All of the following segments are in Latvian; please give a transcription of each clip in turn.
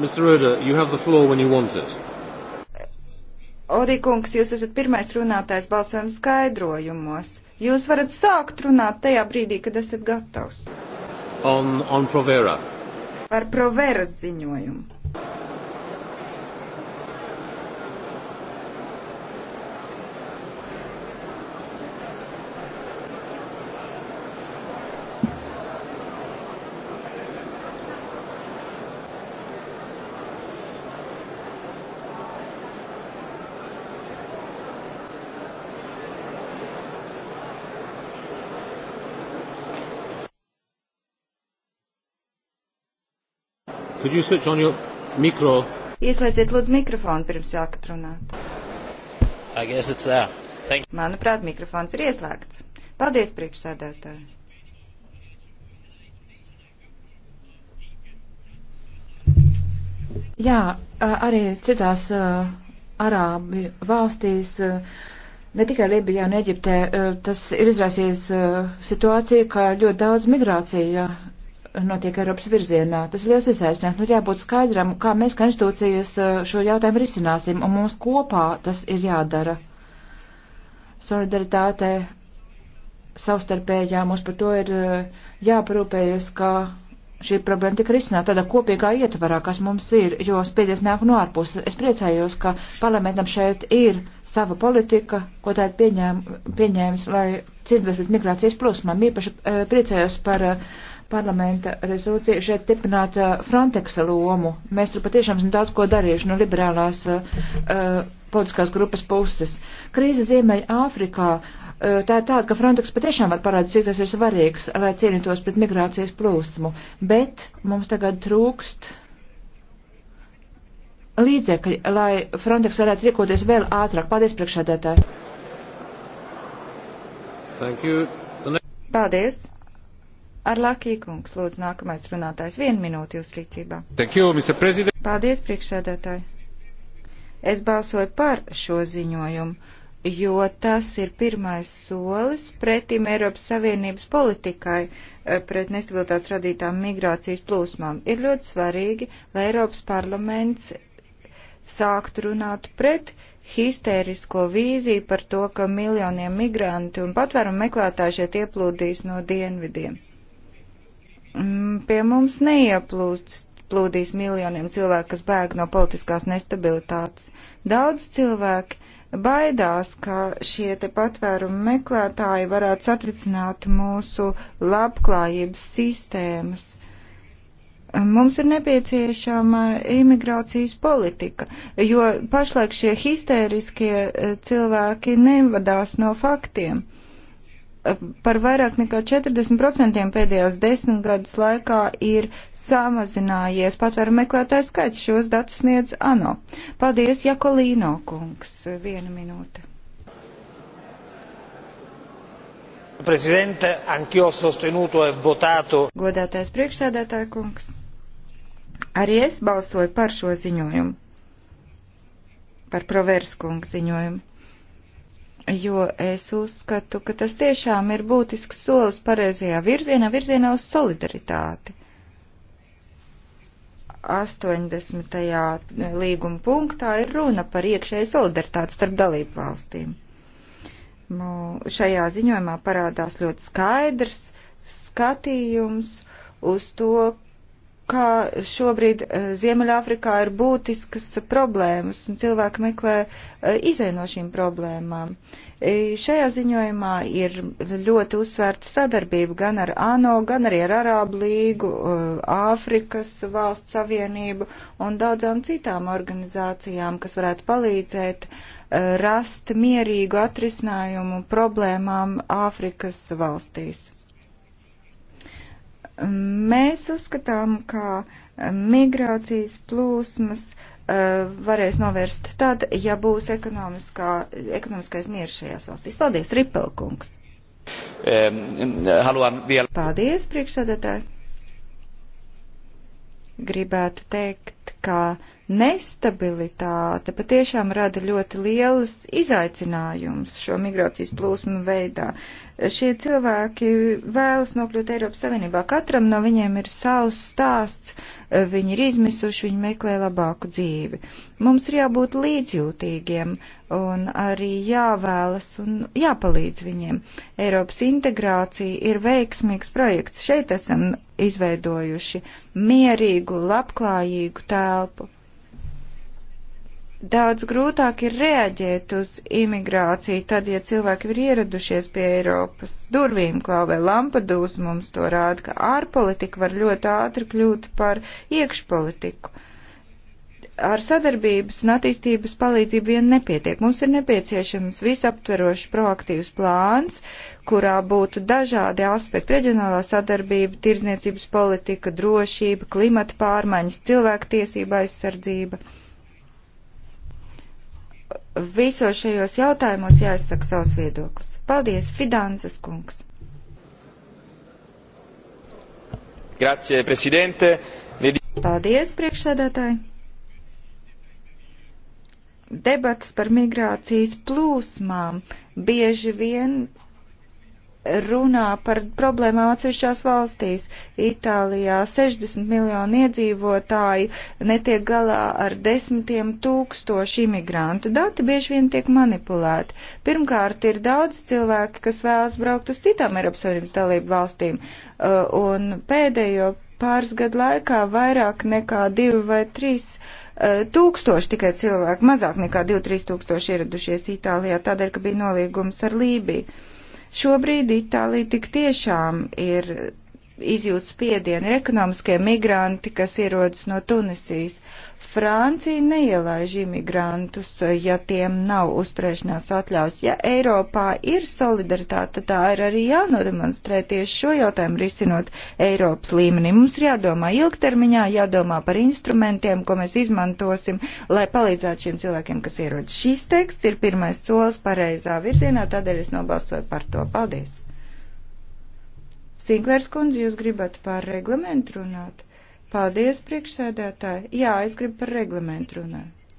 Mr. Roda, you have the floor when you want it. Orikungs, jūs esat pirmais runātājs balsojuma skaidrojumos. Jūs varat sākt runāt tajā brīdī, kad esat gatavs. On, on Provera. Par Proveras ziņojumu. Could you switch on your micro? Ieslēdziet lūdzu mikrofonu pirms sākat runāt. I guess it's there. Thank you. Manuprāt, mikrofons ir ieslēgts. Paldies, priekšsēdētāji. Jā, arī citās uh, arābi valstīs, uh, ne tikai Libijā un Eģiptē, uh, tas ir izraisījis situāciju, ka ļoti daudz migrācija notiek Eiropas virzienā. Tas ir liels izaicinājums. Nu, jābūt skaidram, kā mēs, kā institūcijas, uh, šo jautājumu risināsim, un mums kopā tas ir jādara. Solidaritāte savstarpējā mums par to ir uh, jāparūpējas, ka šī problēma tika risināta tādā kopīgā ietvarā, kas mums ir, jo spiedies nāk no ārpuses. Es priecājos, ka parlamentam šeit ir sava politika, ko tā ir pieņēm, pieņēmis, lai cīnītos pret migrācijas plūsmām. Īpaši uh, priecājos par uh, parlamenta rezolūcija šeit stiprināt uh, Frontexa lomu. Mēs tur patiešām esam daudz ko darījuši no liberālās uh, uh, politiskās grupas puses. Krīze Ziemeļa Āfrikā uh, tā ir tāda, ka Frontex patiešām var parādīt, cik tas ir svarīgs, lai cīnītos pret migrācijas plūsmu. Bet mums tagad trūkst līdzekļi, lai Frontex varētu rīkoties vēl ātrāk. Paldies, priekšādētāji! Paldies! Ar Lakī kungs, lūdzu, nākamais runātājs. Vienu minūti jūs rīcībā. Thank you, Mr. President. Paldies, priekšsēdētāji. Es balsoju par šo ziņojumu, jo tas ir pirmais solis pretim Eiropas Savienības politikai eh, pret nestabilitātes radītām migrācijas plūsmām. Ir ļoti svarīgi, lai Eiropas parlaments sāktu runāt pret histērisko vīziju par to, ka miljoniem migrantu un patvērumu meklētāji šeit ieplūdīs no dienvidiem Mm, pie mums neieplūdīs miljoniem cilvēku, kas bēg no politiskās nestabilitātes. Daudz cilvēki baidās, ka šie te patvērumu meklētāji varētu satricināt mūsu labklājības sistēmas. Mums ir nepieciešama imigrācijas politika, jo pašlaik šie histēriskie eh, cilvēki nevadās no faktiem. Uh, par vairāk nekā 40% pēdējās desmit gadus laikā ir samazinājies patvēru meklētāju skaits. Šos datus sniedz ANO. Paldies, Jakolīno kungs. Viena minūte. Prezidente, anch'io sostenuto e votato. Godātais priekšsēdētāja kungs. Arī es balsoju par šo ziņojumu. Par Proverskungu ziņojumu jo es uzskatu, ka tas tiešām ir būtisks solis pareizajā virzienā, virzienā uz solidaritāti. 80. līguma punktā ir runa par iekšēju solidaritāti starp dalību valstīm. Nu, šajā ziņojumā parādās ļoti skaidrs skatījums uz to, ka šobrīd eh, Ziemeļāfrikā ir būtiskas problēmas un cilvēki meklē eh, izēju no šīm problēmām. Šajā ziņojumā ir ļoti uzsvērta sadarbība gan ar ANO, gan arī ar Arābu līgu, eh, Āfrikas valstu savienību un daudzām citām organizācijām, kas varētu palīdzēt rast mierīgu atrisinājumu problēmām Āfrikas valstīs. Mēs uzskatām, ka migrācijas plūsmas eh, varēs novērst tad, ja būs ekonomiskais miers šajās valstīs. Paldies, Ripelkungs! Paldies, priekšsēdētāji! Gribētu teikt, teikt, ka nestabilitāte patiešām rada ļoti lielus izaicinājumus šo migrācijas plūsmu veidā. Šie cilvēki vēlas nokļūt Eiropas Savienībā. Katram no viņiem ir savs stāsts, viņi ir izmisuši, viņi meklē labāku dzīvi. Mums ir jābūt līdzjūtīgiem un arī jāvēlas un jāpalīdz viņiem. Eiropas integrācija ir veiksmīgs projekts. Šeit esam izveidojuši mierīgu, labklājīgu tēlu telpu. Daudz grūtāk ir reaģēt uz imigrāciju tad, ja cilvēki ir ieradušies pie Eiropas durvīm klauvē Lampadūs, mums to rāda, ka ārpolitika var ļoti ātri kļūt par iekšpolitiku. Uh, ar sadarbības un attīstības palīdzību vien nepietiek. Mums ir nepieciešams visaptverošs proaktīvs plāns, kurā būtu dažādi aspekti - reģionālā sadarbība, tirzniecības politika, drošība, klimata pārmaiņas, cilvēktiesība aizsardzība visos šajos jautājumos jāizsaka savs viedoklis. Paldies, Fidanzas kungs! Grazie, prezidente! Paldies, priekšsēdētāji! debats par migrācijas plūsmām bieži vien runā par problēmām atsevišķās valstīs. Itālijā 60 miljonu iedzīvotāju netiek galā ar desmitiem tūkstošu imigrantu. Dati bieži vien tiek manipulēti. Pirmkārt, ir daudz cilvēki, kas vēlas braukt uz citām Eiropas Savienības dalību valstīm. Uh, un pēdējo pāris gadu laikā vairāk nekā divi vai trīs uh, Eh, tūkstoši tikai cilvēku, mazāk nekā 2-3 tūkstoši ieradušies Itālijā, tādēļ, ka bija nolīgums ar Lībiju. Šobrīd Itālija tik tiešām ir izjūt spiedienu, ir ekonomiskie migranti, kas ierodas no Tunisijas. Francija neielaiž imigrantus, ja tiem nav uzturēšanās atļaus. Ja Eiropā ir solidaritāte, tā ir arī jānodemonstrē tieši šo jautājumu risinot Eiropas līmenī. Mums ir jādomā ilgtermiņā, jādomā par instrumentiem, ko mēs izmantosim, lai palīdzētu šiem cilvēkiem, kas ierodas. Šis teksts ir pirmais solis pareizā virzienā, tādēļ es nobalsoju par to. Paldies! Cinklērs kundze, jūs gribat par reglamentu runāt? Paldies, priekšsēdētāji. Jā, es gribu par reglamentu runāt.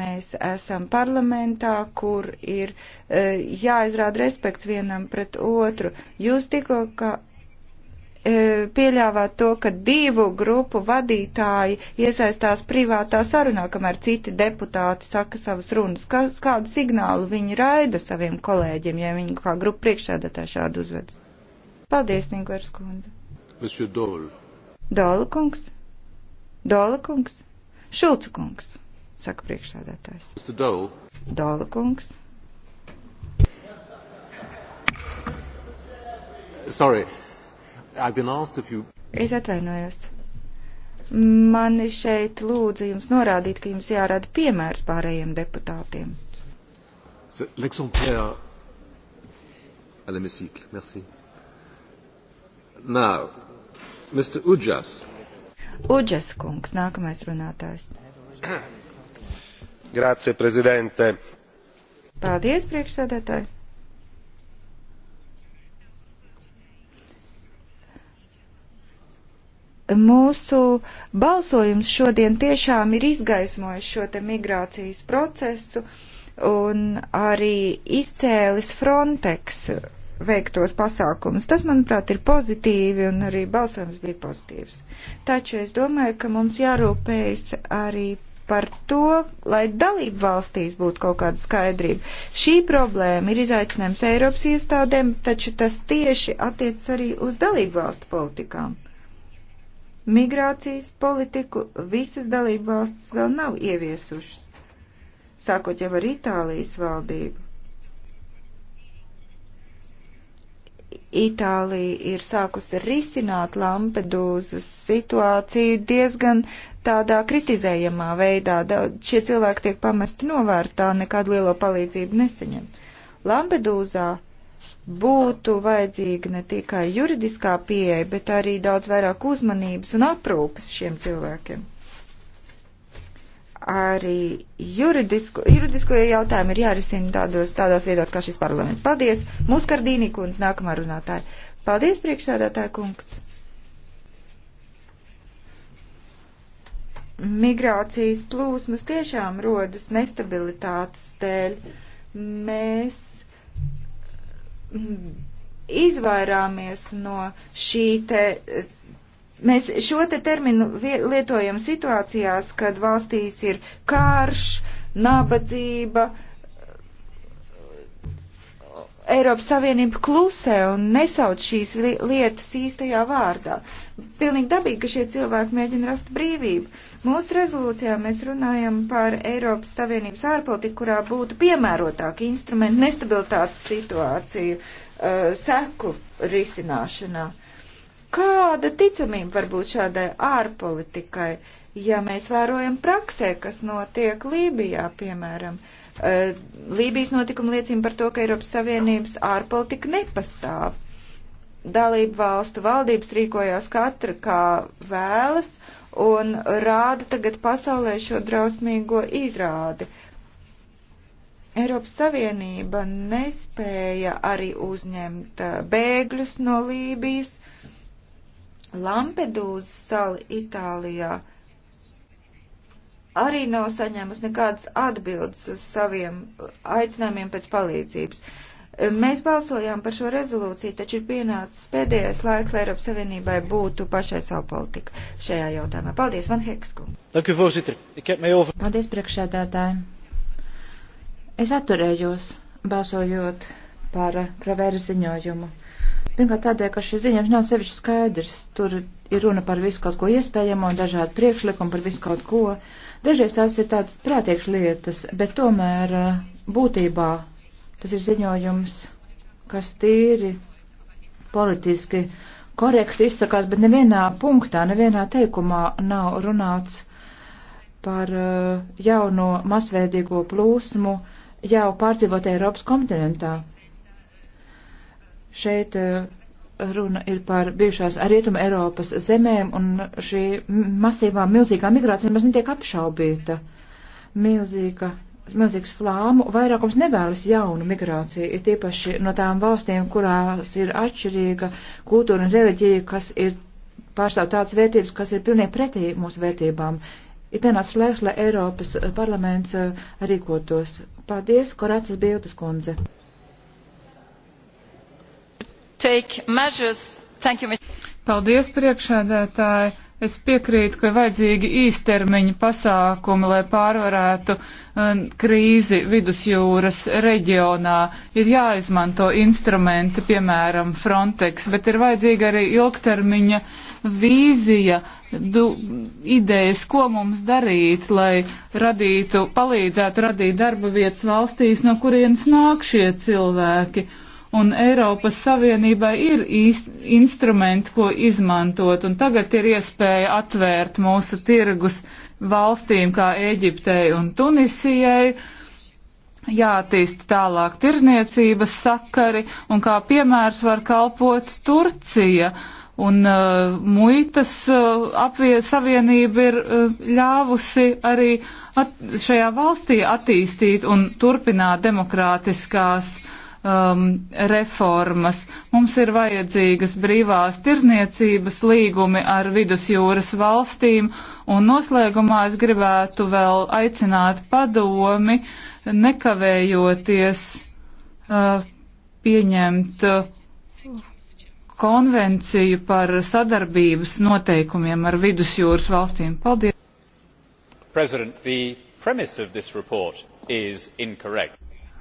Mēs esam parlamentā, kur ir e, jāizrāda respekts vienam pret otru. Jūs tikko, ka e, pieļāvāt to, ka divu grupu vadītāji iesaistās privātā sarunā, kamēr citi deputāti saka savas runas. Kas, kādu signālu viņi raida saviem kolēģiem, ja viņi kā grupu priekšsēdētāji šādu uzvedas? Paldies, Tinkers kundze. Monsieur Dol. Dola kungs. Dola kungs. Šulca kungs, saka priekšsādātājs. Mr. Dol. Dola kungs. Sorry, I've been asked if you... Es atvainojos. Mani šeit lūdzu jums norādīt, ka jums jārada piemērs pārējiem deputātiem. L'exemplaire à l'hémicycle. Merci. Now, Mr. Uģas. Uģas kungs, nākamais runātājs. Grācie, prezidente. Paldies, priekšsēdētāji. mūsu balsojums šodien tiešām ir izgaismojis šo te migrācijas procesu un arī izcēlis Frontex veiktos pasākumus. Tas, manuprāt, ir pozitīvi un arī balsojums bija pozitīvs. Taču es domāju, ka mums jārūpējas arī par to, lai dalību valstīs būtu kaut kāda skaidrība. Šī problēma ir izaicinājums Eiropas iestādēm, taču tas tieši attiec arī uz dalību valstu politikām. Migrācijas politiku visas dalību valstis vēl nav ieviesušas, sākot jau ar Itālijas valdību Itālija ir sākusi risināt Lampedūzas situāciju diezgan tādā kritizējamā veidā. Daudz šie cilvēki tiek pamesti novērtā, nekādu lielo palīdzību neseņem. Lampedūzā būtu vajadzīga ne tikai juridiskā pieeja, bet arī daudz vairāk uzmanības un aprūpes šiem cilvēkiem arī juridisku, juridisko jautājumu ir jārisina tādos, tādās vietās, kā šis parlaments. Paldies! Mūsu kardīnī kundze nākamā runātāja. Paldies, priekšsēdētāja kungs! Migrācijas plūsmas tiešām rodas nestabilitātes dēļ. Mēs izvairāmies no šī te Mēs šo te terminu lietojam situācijās, kad valstīs ir karš, nabadzība, Eiropas Savienība klusē un nesauc šīs lietas īstajā vārdā. Pilnīgi dabīgi, ka šie cilvēki mēģina rast brīvību. Mūsu rezolūcijā mēs runājam par Eiropas Savienības ārpolitiku, kurā būtu piemērotāki instrumenti nestabilitātes situāciju uh, seku risināšanā. Uh, Kāda ticamība var būt šādai ārpolitikai, ja mēs vērojam praksē, kas notiek Lībijā, piemēram? Eh, Lībijas notikumi liecina par to, ka Eiropas Savienības ārpolitika nepastāv. Dalību valstu valdības rīkojās katra kā vēlas un rāda tagad pasaulē šo drausmīgo izrādi. Eiropas Savienība nespēja arī uzņemt eh, bēgļus no Lībijas, Lampedūzas sala Itālijā arī nav saņēmusi nekādas atbildes uz saviem aicinājumiem pēc palīdzības. Mēs balsojām par šo rezolūciju, taču ir pienācis pēdējais laiks, lai Eiropas Savienībai būtu pašai savu politiku šajā jautājumā. Paldies, Van Heksku! Paldies, priekšsēdētāji! Es atturējos balsojot par pravēru ziņojumu. Pirmkārt tādēļ, ka šis ziņojums nav sevišķi skaidrs. Tur ir runa par visu kaut ko iespējamo, dažādu priekšlikumu par visu kaut ko. Dažreiz tās ir tādas prātīgas lietas, bet tomēr eh, būtībā tas ir ziņojums, kas tīri politiski korekti izsakās, bet nevienā punktā, nevienā teikumā nav runāts par eh, jauno masveidīgo plūsmu jau pārdzīvot Eiropas kontinentā. Šeit eh, runa ir par bijušās Rietuma Eiropas zemēm, un šī masīvā milzīgā migrācija maz netiek apšaubīta. Milzīga, milzīgs flāmu vairākums nevēlas jaunu migrāciju, ir tiepaši no tām valstīm, kurās ir atšķirīga kultūra un reliģija, kas ir pārstāv tādas vērtības, kas ir pilnīgi pretī mūsu vērtībām. Ir pienācis laiks, lai Eiropas parlaments eh, rīkotos. Paldies, Korācijas Bildes kundze! take measures. Thank you, Mr. Paldies, priekšādātāji. Es piekrītu, ka vajadzīgi īstermiņa pasākumi, lai pārvarētu um, krīzi vidusjūras reģionā. Ir jāizmanto instrumenti, piemēram, Frontex, bet ir vajadzīga arī ilgtermiņa vīzija, du, idejas, ko mums darīt, lai radītu, palīdzētu radīt darba vietas valstīs, no kurienes nāk šie cilvēki. Uh, un Eiropas Savienībai ir instrumenti, ko izmantot, un tagad ir iespēja atvērt mūsu tirgus valstīm kā Eģiptei un Tunisijai, jātīst tālāk tirniecības sakari, un kā piemērs var kalpot Turcija. Un uh, muitas uh, apvie, savienība ir uh, ļāvusi arī at, šajā valstī attīstīt un turpināt demokrātiskās uh, um, reformas. Mums ir vajadzīgas brīvās tirniecības līgumi ar vidusjūras valstīm, un noslēgumā es gribētu vēl aicināt padomi, nekavējoties uh, pieņemt konvenciju par sadarbības noteikumiem ar vidusjūras valstīm. Paldies! President, the premise of this report is incorrect.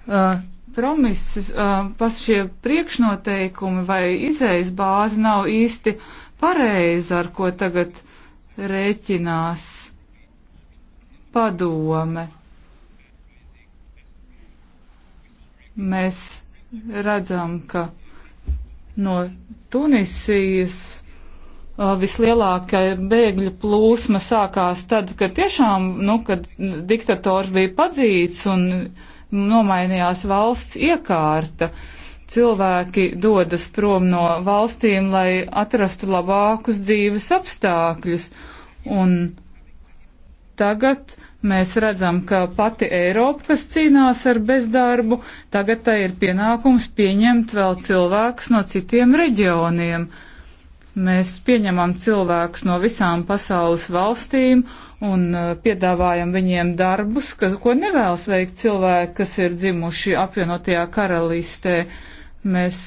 Uh, promises, pats šie priekšnoteikumi vai izējas bāze nav īsti pareiza, ar ko tagad rēķinās padome. Mēs redzam, ka no Tunisijas vislielākā bēgļu plūsma sākās tad, kad tiešām, nu, kad diktators bija padzīts un uh, nomainījās valsts iekārta. Cilvēki dodas prom no valstīm, lai atrastu labākus dzīves apstākļus. Un tagad mēs redzam, ka pati Eiropa, kas cīnās ar bezdarbu, tagad tai ir pienākums pieņemt vēl cilvēkus no citiem reģioniem. Mēs pieņemam cilvēkus no visām pasaules valstīm un uh, piedāvājam viņiem darbus, kas, ko nevēlas veikt cilvēki, kas ir dzimuši apvienotajā karalistē. Mēs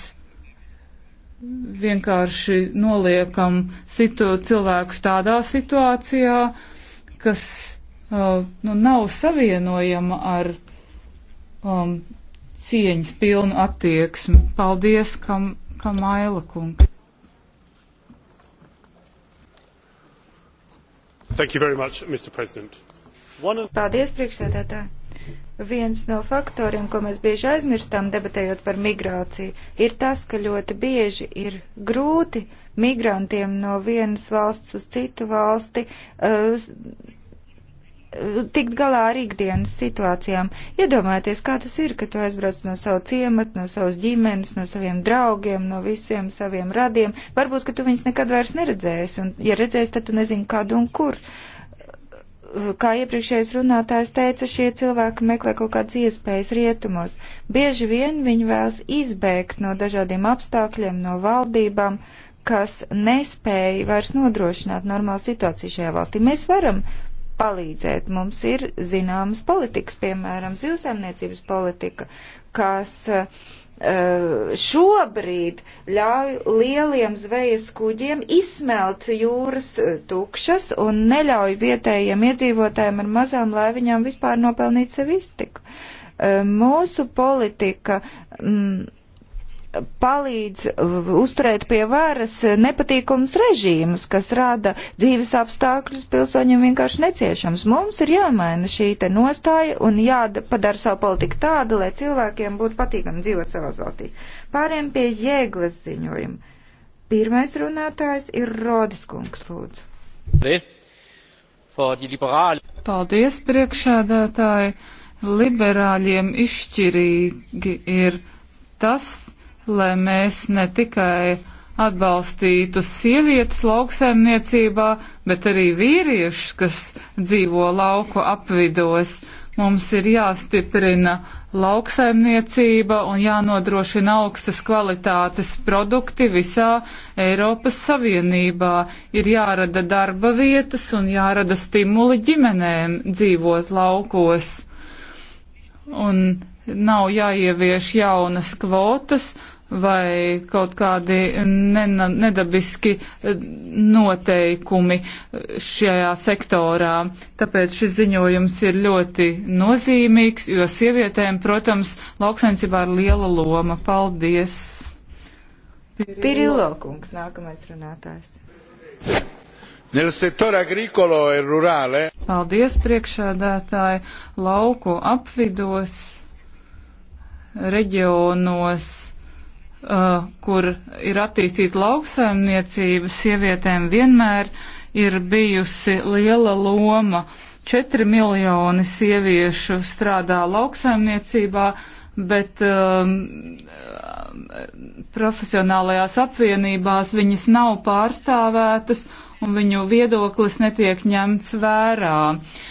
vienkārši noliekam situ, cilvēkus tādā situācijā, kas uh, nu, nav savienojama ar um, cieņas pilnu attieksmi. Paldies, kam, kam Aila kungs. Much, of... Paldies, priekšsēdētāji! Viens no faktoriem, ko mēs bieži aizmirstam debatējot par migrāciju, ir tas, ka ļoti bieži ir grūti migrantiem no vienas valsts uz citu valsti uh, tikt galā ar ikdienas situācijām. Iedomājieties, kā tas ir, ka tu aizbrauc no savu ciematu, no savas ģimenes, no saviem draugiem, no visiem saviem radiem. Varbūt, ka tu viņus nekad vairs neredzēsi, un ja redzēsi, tad tu nezini, kad un kur. Kā iepriekšējais runātājs teica, šie cilvēki meklē kaut kādas iespējas rietumos. Bieži vien viņi vēlas izbēgt no dažādiem apstākļiem, no valdībām, kas nespēja vairs nodrošināt normālu situāciju šajā valstī. Mēs varam palīdzēt. Mums ir zināmas politikas, piemēram, zivsaimniecības politika, kas eh, šobrīd ļauj lieliem zvejas kuģiem izsmelt jūras eh, tukšas un neļauj vietējiem iedzīvotājiem ar mazām laiviņām vispār nopelnīt sev iztiku. Eh, mūsu politika. Mm, palīdz uh, uzturēt pie varas nepatīkums režīmus, kas rada dzīves apstākļus pilsoņiem vienkārši neciešams. Mums ir jāmaina šī te nostāja un jāpadara savu politiku tādu, lai cilvēkiem būtu patīkami dzīvot savās valstīs. Pāriem pie jēglas ziņojuma. Pirmais runātājs ir Rodis Kungs, lūdzu. Paldies, priekšādātāji. Liberāļiem izšķirīgi ir tas, lai mēs ne tikai atbalstītu sievietes lauksaimniecībā, bet arī vīriešus, kas dzīvo lauku apvidos. Mums ir jāstiprina lauksaimniecība un jānodrošina augstas kvalitātes produkti visā Eiropas Savienībā. Ir jārada darba vietas un jārada stimuli ģimenēm dzīvot laukos. Un nav jāievieš jaunas kvotas vai kaut kādi nena, nedabiski eh, noteikumi šajā sektorā. Tāpēc šis ziņojums ir ļoti nozīmīgs, jo sievietēm, protams, lauksainicībā ir liela loma. Paldies! Pirilo kungs, nākamais runātājs. Nel settore agricolo e rurale. Paldies, priekšādātāji, lauku apvidos, reģionos uh, kur ir attīstīta lauksaimniecība, sievietēm vienmēr ir bijusi liela loma. 4 miljoni sieviešu strādā lauksaimniecībā, bet um, profesionālajās apvienībās viņas nav pārstāvētas un viņu viedoklis netiek ņemts vērā. Uh,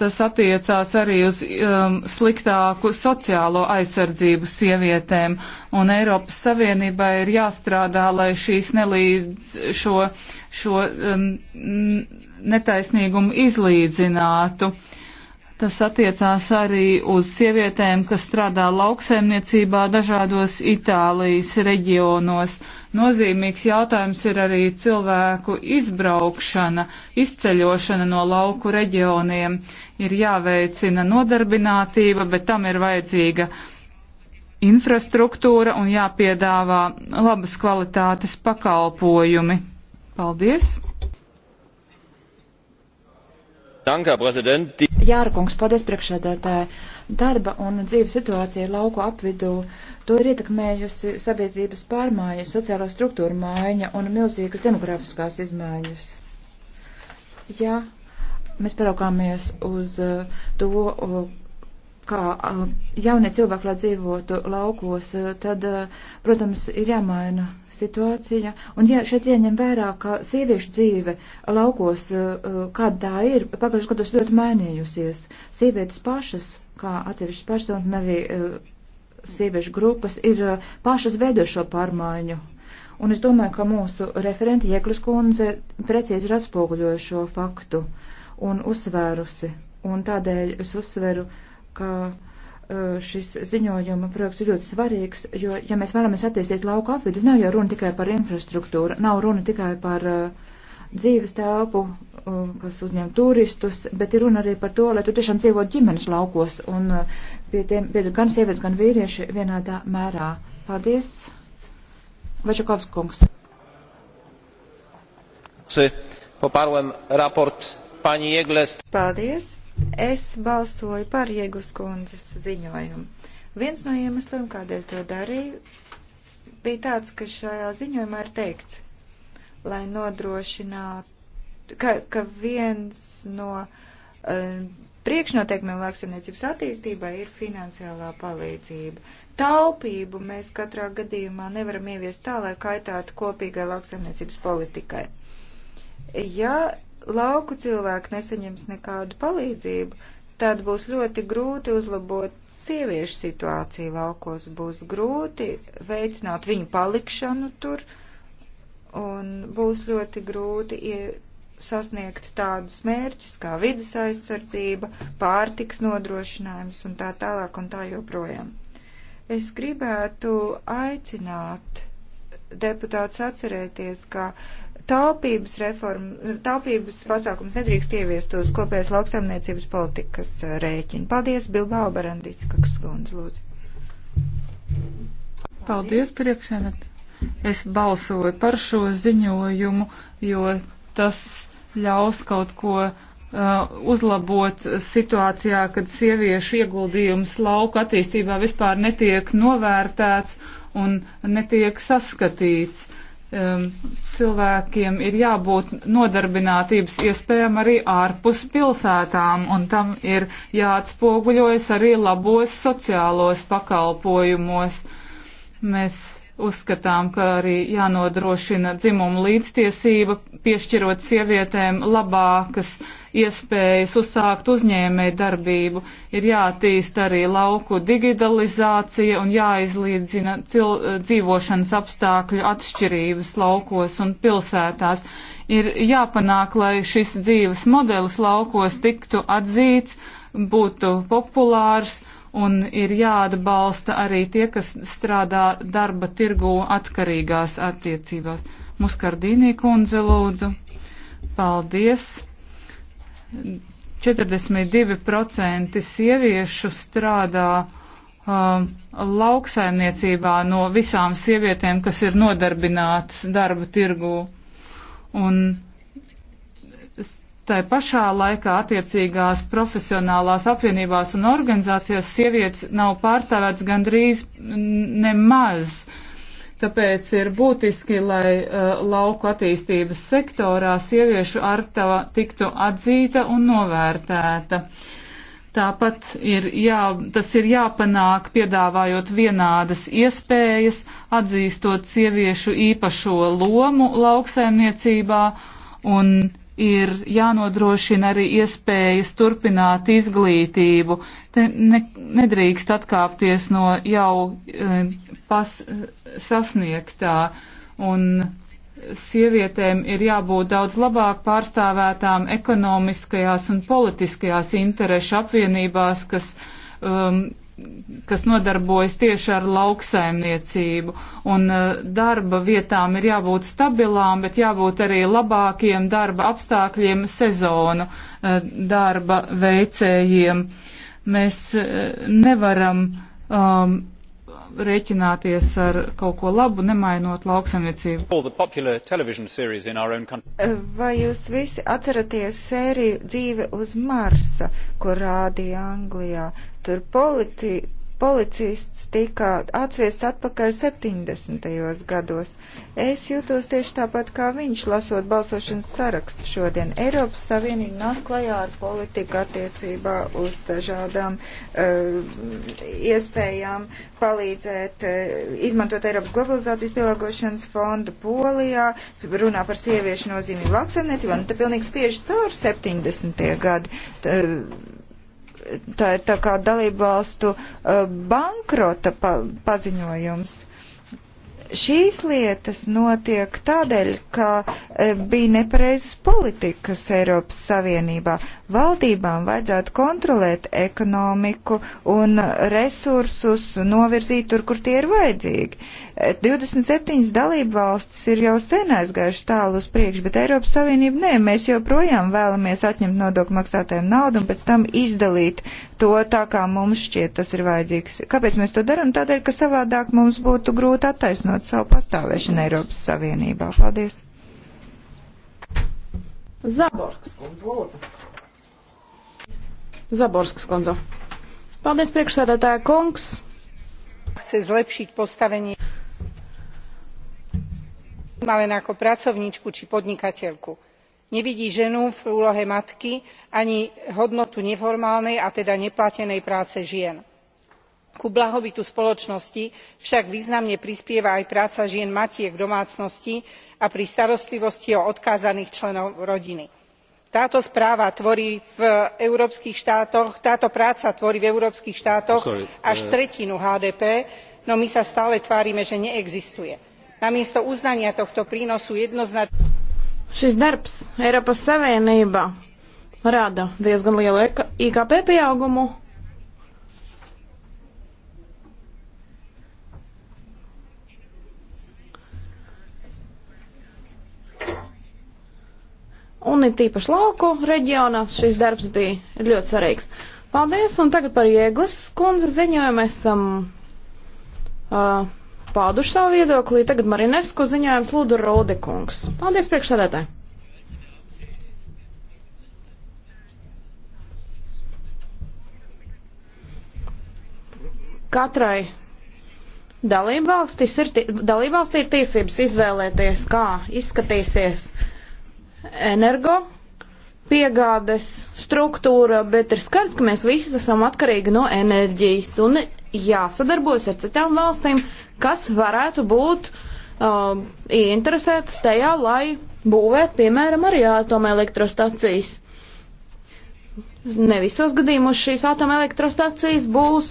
Tas attiecās arī uz um, sliktāku sociālo aizsardzību sievietēm, un Eiropas Savienībai ir jāstrādā, lai šīs nelīdz šo, šo um, netaisnīgumu izlīdzinātu. Uh, Tas attiecās arī uz sievietēm, kas strādā lauksaimniecībā dažādos Itālijas reģionos. Nozīmīgs jautājums ir arī cilvēku izbraukšana, izceļošana no lauku reģioniem. Ir jāveicina nodarbinātība, bet tam ir vajadzīga infrastruktūra un jāpiedāvā labas kvalitātes pakalpojumi. Paldies! Danke, Herr Präsident. Jārkungs, paldies priekšsēdētāji. Darba un dzīves situācija lauku apvidū, to ir ietekmējusi sabiedrības pārmaiņas, sociālo struktūru maiņa un milzīgas demografiskās izmaiņas. Ja mēs paraugāmies uz uh, to, uh, kā jaunie cilvēki, lai dzīvotu laukos, tad, protams, ir jāmaina situācija. Un ja šeit ieņem vērā, ka sieviešu dzīve laukos, kāda tā ir, pagājušajos gados ļoti mainījusies. Sievietes pašas, kā atsevišķas personas, un arī sieviešu grupas, ir pašas veidošo pārmaiņu. Un es domāju, ka mūsu referenta Jeklis kundze precīzi ir atspoguļojuši šo faktu un uzsvērusi. Un tādēļ es uzsveru uh, ka e, šis ziņojuma projekts ir ļoti svarīgs, jo, ja mēs vēlamies attīstīt lauku apvidus, nav jau runa tikai par infrastruktūru, nav runa tikai par uh, dzīves telpu, uh, kas uzņem turistus, bet ir runa arī par to, lai tu tiešām dzīvo ģimenes laukos un uh, pie tiem pieder gan sievietes, gan vīrieši vienādā mērā. Paldies. Vačakovs kungs. Poparłem raport pani Jeglest. Paldies. Es balsoju par Jēglas kundzes ziņojumu. Viens no iemesliem, kādēļ to darīju, bija tāds, ka šajā ziņojumā ir teikts, lai nodrošinātu, ka, ka viens no um, priekšnoteikumiem lauksaimniecības attīstībai ir finansiālā palīdzība. Taupību mēs katrā gadījumā nevaram ieviest tā, lai kaitātu kopīgai lauksaimniecības politikai. Ja lauku cilvēki nesaņems nekādu palīdzību, tad būs ļoti grūti uzlabot sieviešu situāciju laukos, būs grūti veicināt viņu palikšanu tur un būs ļoti grūti sasniegt tādus mērķus kā vidas aizsardzība, pārtiks nodrošinājums un tā tālāk un tā joprojām. Es gribētu aicināt deputāts atcerēties, ka Taupības reforma, taupības pasākums nedrīkst ieviest uz kopējas lauksaimniecības politikas uh, rēķina. Paldies, Bilbao Barandīts, kas skundz lūdzu. Paldies, priekšēnat. Es balsoju par šo ziņojumu, jo tas ļaus kaut ko uh, uzlabot situācijā, kad sieviešu ieguldījums lauka attīstībā vispār netiek novērtēts un netiek saskatīts. Uh, um, cilvēkiem ir jābūt nodarbinātības iespējām arī ārpus pilsētām, un tam ir jāatspoguļojas arī labos sociālos pakalpojumos. Mēs Uzskatām, ka arī jānodrošina dzimumu līdztiesība, piešķirot sievietēm labākas iespējas uzsākt uzņēmēju darbību. Ir jātīst arī lauku digitalizācija un jāizlīdzina cil, dzīvošanas apstākļu atšķirības laukos un pilsētās. Ir jāpanāk, lai šis dzīves modelis laukos tiktu atzīts, būtu populārs un ir jāatbalsta arī tie, kas strādā darba tirgu atkarīgās attiecībās. Muskardīnī kundze lūdzu. Paldies. 42% sieviešu strādā um, lauksaimniecībā no visām sievietēm, kas ir nodarbinātas darba tirgū. Un tai pašā laikā attiecīgās profesionālās apvienībās un organizācijās sievietes nav pārstāvēts gandrīz nemaz. Tāpēc ir būtiski, lai uh, lauku attīstības sektorā sieviešu artava tiktu atzīta un novērtēta. Tāpat ir jā, tas ir jāpanāk, piedāvājot vienādas iespējas, atzīstot sieviešu īpašo lomu lauksaimniecībā un ir jānodrošina arī iespējas turpināt izglītību. Te ne, nedrīkst atkāpties no jau eh, pas, eh, sasniegtā. Un sievietēm ir jābūt daudz labāk pārstāvētām ekonomiskajās un politiskajās interešu apvienībās, kas um, kas nodarbojas tieši ar lauksaimniecību. Un uh, darba vietām ir jābūt stabilām, bet jābūt arī labākiem darba apstākļiem sezonu uh, darba veicējiem. Mēs uh, nevaram um, rēķināties ar kaut ko labu, nemainot lauksaimniecību. Eh, vai jūs visi atceraties sēriju dzīve uz Marsa, ko rādīja Anglijā? Tur politi, policists tika atsviests atpakaļ 70. gados. Es jūtos tieši tāpat kā viņš, lasot balsošanas sarakstu šodien. Eiropas Savienība nāk klajā ar politiku attiecībā uz dažādām uh, iespējām palīdzēt, uh, izmantot Eiropas globalizācijas pielāgošanas fondu Polijā, runā par sieviešu nozīmību lauksaimniecībā, un te pilnīgi spiež caur 70. gadi. Uh, tā ir tā kā dalībvalstu uh, bankrota pa, paziņojums šīs lietas notiek tādēļ, ka uh, bija nepareizas politikas Eiropas Savienībā. Valdībām vajadzētu kontrolēt ekonomiku un resursus novirzīt tur, kur tie ir vajadzīgi. 27 dalību valstis ir jau sen aizgājuši tālu uz priekšu, bet Eiropas Savienība nē, mēs joprojām vēlamies atņemt nodokļu maksātājiem naudu un pēc tam izdalīt to tā, kā mums šķiet tas ir vajadzīgs. Kāpēc mēs to darām? Tādēļ, ka savādāk mums būtu grūti attaisnot savu pastāvēšanu Eiropas Savienībā. Paldies! Zaborskas kundze, lūdzu. Zaborskas kundze. Paldies, priekšsēdētāja kungs. Chce zlepšiť postavenie vníma len ako pracovníčku či podnikateľku. nevidí ženu v úlohe matky ani hodnotu neformálnej a teda neplatenej práce žien. k blahobytu spoločnosti však významne prispieva aj práca žien matiek v domácnosti a pri starostlivosti o odkázaných členov rodiny. táto práca tvorí v európskych štátoch až eh. tretinu hdp no my sa stále tvárime že neexistuje namiesto uznania tohto prínosu jednoznačne. Šis darbs Eiropas Savienībā rada diezgan lielu IKP pieaugumu. Un it īpaši lauku reģionā šis darbs bija ļoti svarīgs. Paldies, un tagad par Jēglas kundze ziņojumu esam uh, pauduši savu viedokli. Tagad Marinesko ziņojums lūdzu Rodekungs. Paldies priekšsēdētāji! Katrai dalībvalstis ir, dalībvalstī ir tiesības izvēlēties, kā izskatīsies energo piegādes struktūra, bet ir skaidrs, ka mēs visi esam atkarīgi no enerģijas un jāsadarbojas ar citām valstīm, kas varētu būt uh, ieinteresētas tajā, lai būvētu, piemēram, arī atomelektrostacijas. Ne visos gadījumos šīs atomelektrostacijas būs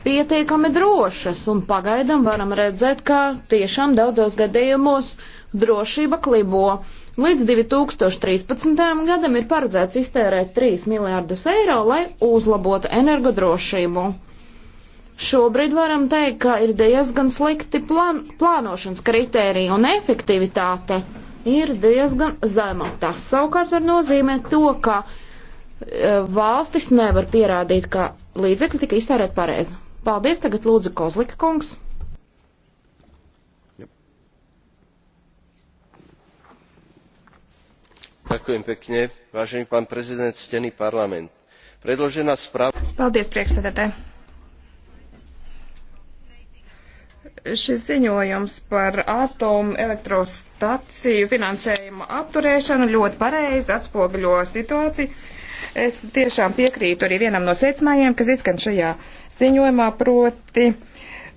pietiekami drošas, un pagaidam varam redzēt, ka tiešām daudzos gadījumos drošība klibo. Uh, Līdz 2013. gadam ir paredzēts iztērēt 3 miljārdus eiro, lai uzlabotu energodrošību. Šobrīd varam teikt, ka ir diezgan slikti plan plānošanas kritērija un efektivitāte ir diezgan zema. Tas savukārt var nozīmēt to, ka e, valstis nevar pierādīt, ka līdzekļi tika iztērēt pareizi. Paldies, tagad lūdzu Kozlika kungs. predložená správa. paldies priekšsēdētāj. šis ziņojums par atomelektrostaciju finansējumu apturēšanu ļoti pareizi atspoguļo situāciju. Es tiešām piekrītu arī vienam no secinājumiem, kas izskan šajā ziņojumā, proti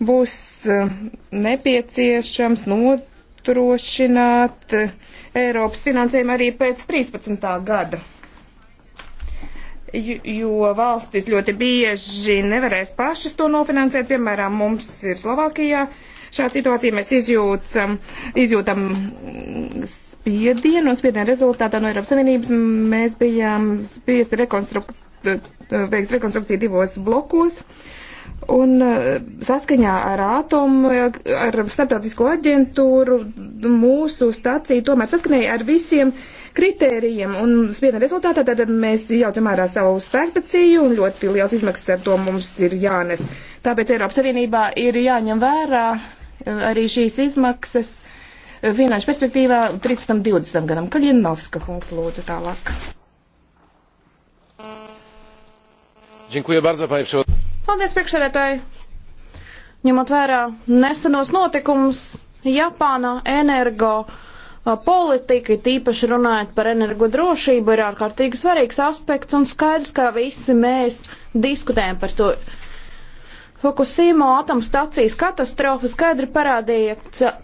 būs eh, nepieciešams nodrošināt uh, Eiropas finansējumu arī pēc 13. gada jo valstis ļoti bieži nevarēs pašas to nofinansēt. Piemēram, mums ir Slovākijā šāda situācija, mēs izjūtam, izjūtam spiedienu un spiedienu rezultātā no Eiropas Savienības. Mēs bijām spiesti rekonstrukt, veikt rekonstrukciju divos blokos. Uh, Un e, saskaņā ar ātomu, ar starptautisko aģentūru, mūsu stacija tomēr saskanēja ar visiem kritērijiem. Un spiediena rezultātā tad mēs jaucam ārā savu spēkstaciju un ļoti liels izmaksas ar to mums ir jānes. Tāpēc Eiropas Savienībā ir jāņem vērā e, arī šīs izmaksas e, finanšu perspektīvā 13.20. gadam. Kaļinovska kungs lūdzu tālāk. Dziękuję bardzo, panie przewodniczący. Paldies, priekšsēdētāji! Ņemot vērā nesenos notikumus Japānā, energo politika, tīpaši runājot par energo drošību, ir ārkārtīgi svarīgs aspekts un skaidrs, kā visi mēs diskutējam par to. Fukushima atomstacijas katastrofa skaidri parādīja,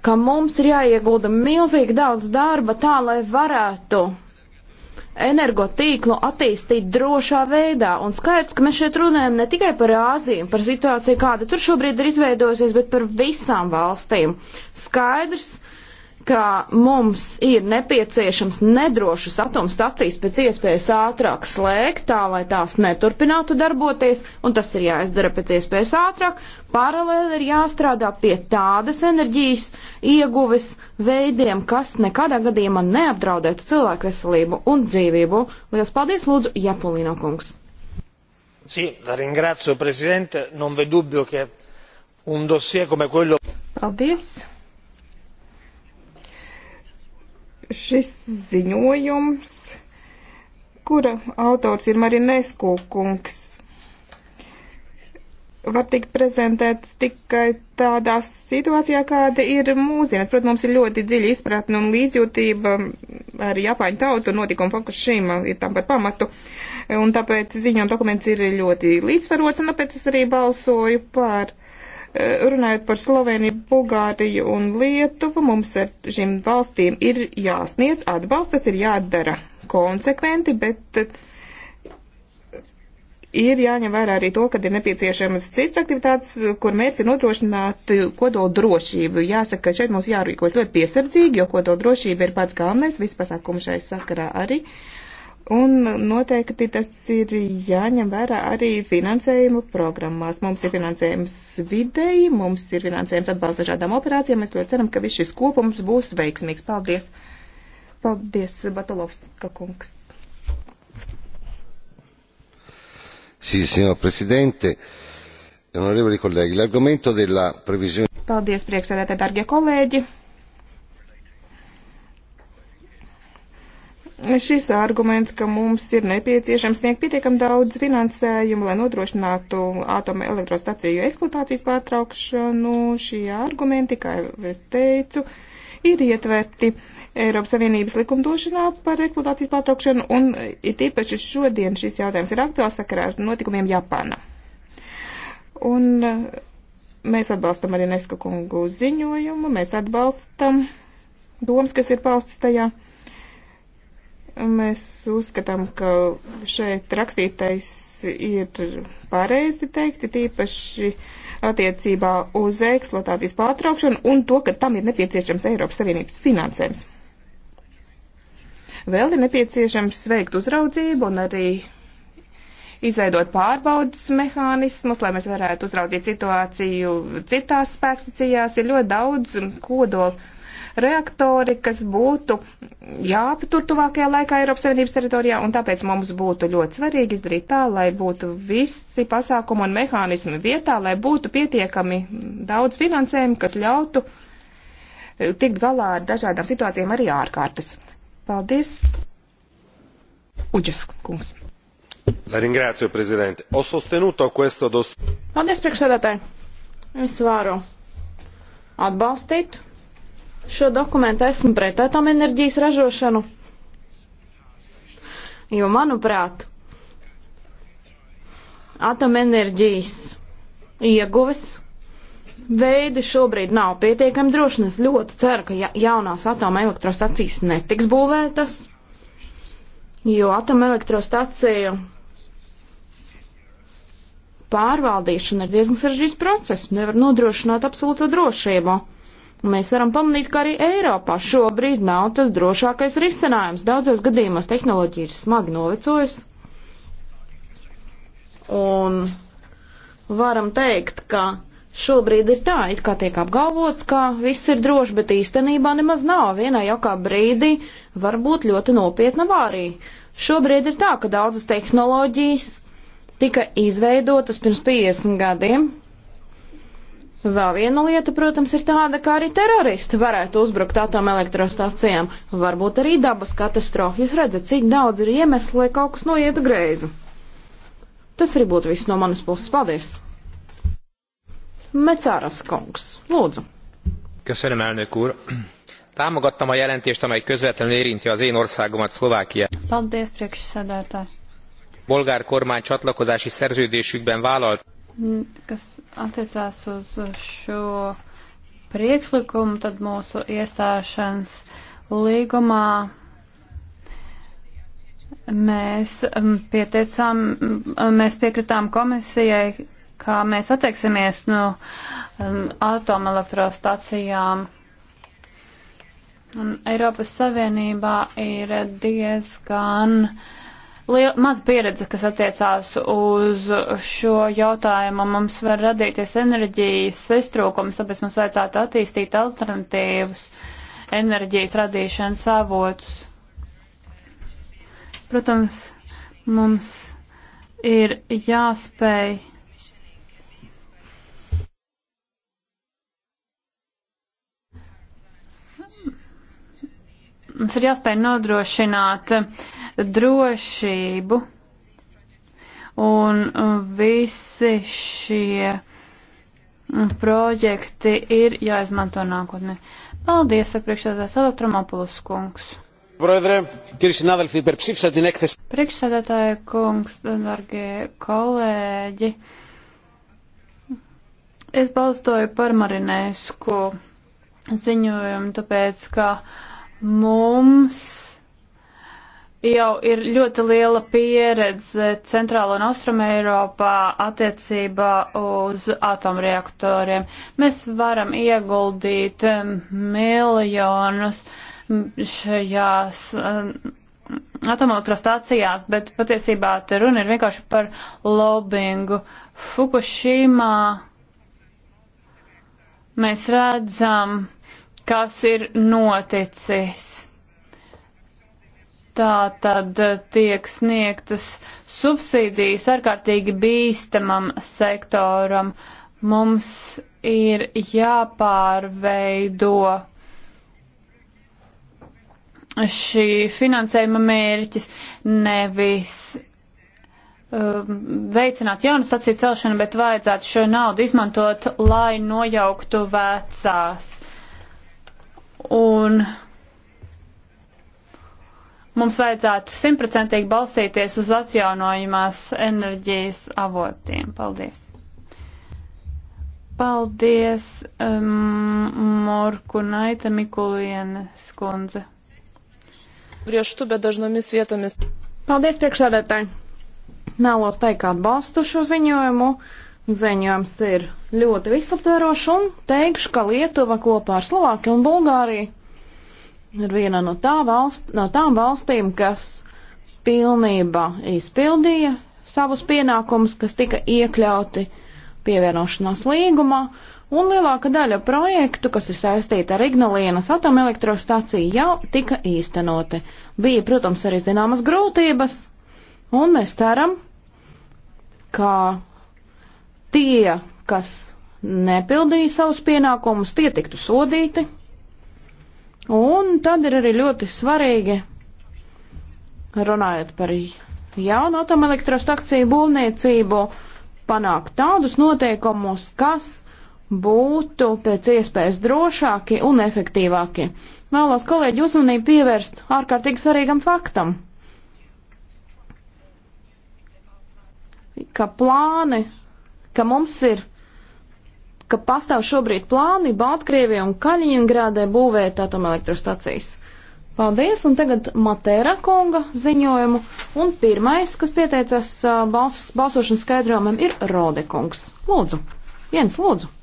ka mums ir jāiegulda milzīgi daudz darba tā, lai varētu energotīklu attīstīt drošā veidā. Un skaidrs, ka mēs šeit runājam ne tikai par Āziju, par situāciju, kāda tur šobrīd ir izveidojusies, bet par visām valstīm. Skaidrs, ka mums ir nepieciešams nedrošas atomstacijas pēc iespējas ātrāk slēgt, tā lai tās neturpinātu darboties, un tas ir jāizdara pēc iespējas ātrāk. Paralēli ir jāstrādā pie tādas enerģijas ieguves veidiem, kas nekādā gadījumā neapdraudētu cilvēku veselību un dzīvību. Lielas paldies, lūdzu, Japulīno kungs. Sì, la ringrazio Presidente, non v'è dubbio che un dossier come quello. Paldies. šis ziņojums, kura autors ir Marinesko kungs, var tikt prezentēts tikai tādā situācijā, kāda ir mūsdienās. Protams, mums ir ļoti dziļa izpratne un līdzjūtība ar Japāņu tautu un notikumu Fukushima ir tam par pamatu. Un tāpēc ziņām dokuments ir ļoti līdzsvarots, un tāpēc es arī balsoju par uh, Runājot par Sloveniju, Bulgāriju un Lietuvu, mums ar šīm valstīm ir jāsniedz atbalsts, tas ir jādara konsekventi, bet eh, ir jāņem vērā arī to, ka ir nepieciešamas citas aktivitātes, kur mērķis ir nodrošināt kodola drošību. Jāsaka, ka šeit mums jārīkojas ļoti piesardzīgi, jo kodola drošība ir pats galvenais, viss pasākums šai sakarā arī. Uh, Un noteikti tas ir jāņem vērā arī finansējuma programmās. Mums ir finansējums videi, mums ir finansējums atbalsta šādām operācijām. Mēs ļoti ceram, ka viss šis kopums būs veiksmīgs. Paldies! Paldies, Batalovska kungs! Sì, signor Presidente, onorevoli colleghi, l'argomento della previsione. Paldies, priekšsēdētāji, darbie kolēģi! šis arguments, ka mums ir nepieciešams sniegt pietiekam daudz finansējumu, lai nodrošinātu ātoma elektrostaciju eksploatācijas pārtraukšanu, šie argumenti, kā jau es teicu, ir ietverti Eiropas Savienības likumdošanā par eksploatācijas pārtraukšanu, un it īpaši šodien šis jautājums ir aktuāls sakarā ar notikumiem Japāna. Un eh, mēs atbalstam arī Neska kungu ziņojumu, mēs atbalstam domas, kas ir paustas tajā. Mēs uzskatām, ka šeit rakstītais ir pareizi teikti, tīpaši attiecībā uz eksploatācijas pārtraukšanu un to, ka tam ir nepieciešams Eiropas Savienības finansējums. Vēl ir nepieciešams veikt uzraudzību un arī izveidot pārbaudas mehānismus, lai mēs varētu uzraudzīt situāciju citās spēkstacijās. Ir ļoti daudz kodola reaktori, kas būtu jāaptur tuvākajā laikā Eiropas Savienības teritorijā, un tāpēc mums būtu ļoti svarīgi izdarīt tā, lai būtu visi pasākumi un mehānismi vietā, lai būtu pietiekami daudz finansējumu, kas ļautu e, tikt galā ar dažādām situācijām arī ārkārtas. Paldies! Uģis kungs. La ringrazio, Presidente. Ho sostenuto questo dossier. Paldies, priekšsēdētāji. Es varu atbalstīt šo dokumentu esmu pret atomenerģijas ražošanu, jo, manuprāt, atomenerģijas ieguves veidi šobrīd nav pietiekami droši. Es ļoti ceru, ka ja, jaunās atomelektrostacijas netiks būvētas, jo atomelektrostaciju pārvaldīšana ir diezgan sarežģīts process, nevar nodrošināt absolūto drošību. Mēs varam pamanīt, ka arī Eiropā šobrīd nav tas drošākais risinājums. Daudzos gadījumos tehnoloģija ir smagi novecojusi. Un varam teikt, ka šobrīd ir tā, it kā tiek apgalvots, ka viss ir droši, bet īstenībā nemaz nav. Vienā jaukā brīdī var būt ļoti nopietna avārija. Šobrīd ir tā, ka daudzas tehnoloģijas tika izveidotas pirms 50 gadiem, Vēl viena lieta, protams, ir tāda, ka arī teroristi varētu uzbrukt atomelektrostacijām. Varbūt arī dabas katastrofa. Jūs redzat, cik daudz ir iemeslu, lai kaut kas noietu greizi. Tas arī būtu viss no manas puses. Paldies! Mecāras kungs, lūdzu. Köszönöm, elnök úr. Támogattam a jelentést, amely közvetlenül érinti az én országomat, Szlovákiát. Paldies, priekšsēdētāji. Bolgár kormány csatlakozási szerződésükben vállalt. Mm, kas attiecās uz šo priekšlikumu, tad mūsu iestāšanas līgumā mēs mm, pieteicām, mm, mēs piekritām komisijai, kā mēs attieksimies no mm, atomelektrostacijām. Un Eiropas Savienībā ir diezgan uh, liel, maz pieredze, kas attiecās uz šo jautājumu. Mums var radīties enerģijas iztrūkums, tāpēc mums vajadzētu attīstīt alternatīvas enerģijas radīšanas avotus. Protams, mums ir jāspēj. Mums ir jāspēj nodrošināt uh, drošību. Un visi šie projekti ir jāizmanto nākotnē. Paldies, priekšsēdētājs Elektromopulis kungs. Priekšsēdētāja kungs, dargie kolēģi, es balstoju par Marinēsku ziņojumu, tāpēc, ka mums jau ir ļoti liela pieredze Centrāla un Austruma Eiropā attiecībā uz atomreaktoriem. Mēs varam ieguldīt um, miljonus šajās um, atomelektrostācijās, bet patiesībā te runa ir vienkārši par lobingu. Fukushimā mēs redzam, kas ir noticis tā tad tiek sniegtas subsīdijas ārkārtīgi bīstamam sektoram. Mums ir jāpārveido šī finansējuma mērķis nevis um, veicināt jaunu staciju celšanu, bet vajadzētu šo naudu izmantot, lai nojauktu vecās. Un Mums vajadzētu simtprocentīgi balstīties uz atjaunojumās enerģijas avotiem. Paldies! Paldies, um, Morku Naita Mikuliene skundze. Griežtu, bet dažnomis vietomis. Paldies, priekšsēdētāji! Mēlos teikt atbalstu šo ziņojumu. Ziņojums ir ļoti visaptverošs un teikšu, ka Lietuva kopā ar Slovākiju un Bulgāriju ir viena no, tā valst, no tām valstīm, kas pilnībā izpildīja savus pienākumus, kas tika iekļauti pievienošanās līgumā, un lielāka daļa projektu, kas ir saistīta ar Ignalienas atomelektrostaciju, jau tika īstenoti. Bija, protams, arī zināmas grūtības, un mēs ceram, ka tie, kas nepildīja savus pienākumus, tie tiktu sodīti Un tad ir arī ļoti svarīgi, runājot par jaunu atomelektrostaciju būvniecību, panākt tādus noteikumus, kas būtu pēc iespējas drošāki un efektīvāki. Vēlos kolēģi uzmanību pievērst ārkārtīgi svarīgam faktam, ka plāni, ka mums ir ka pastāv šobrīd plāni Baltkrievijai un Kaļiņingrādai būvēt atomelektrostacijas. Paldies, un tagad Matēra konga ziņojumu, un pirmais, kas pieteicās bals, balsošanas skaidrojumam, ir Rode kungs. Lūdzu, Jens, lūdzu.